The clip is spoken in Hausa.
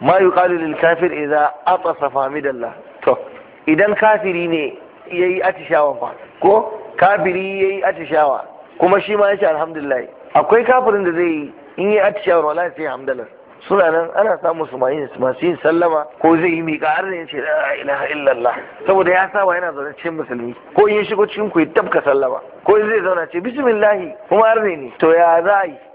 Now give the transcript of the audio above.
ma yuqalu lil kafir idza atasa famidallah to idan kafiri ne yayi atishawa fa ko kafiri yayi atishawa kuma shi ma yace alhamdulillah akwai kafirin da zai in yi atishawa wala sai hamdalar suna nan ana samun su masu yin sallama ko zai yi miƙa har ne ce la ilaha illallah saboda ya saba yana zaune cikin musulmi ko in ya shigo cikin ku ya tabka sallama ko in zai zauna ce bismillahi kuma har ne to ya za a yi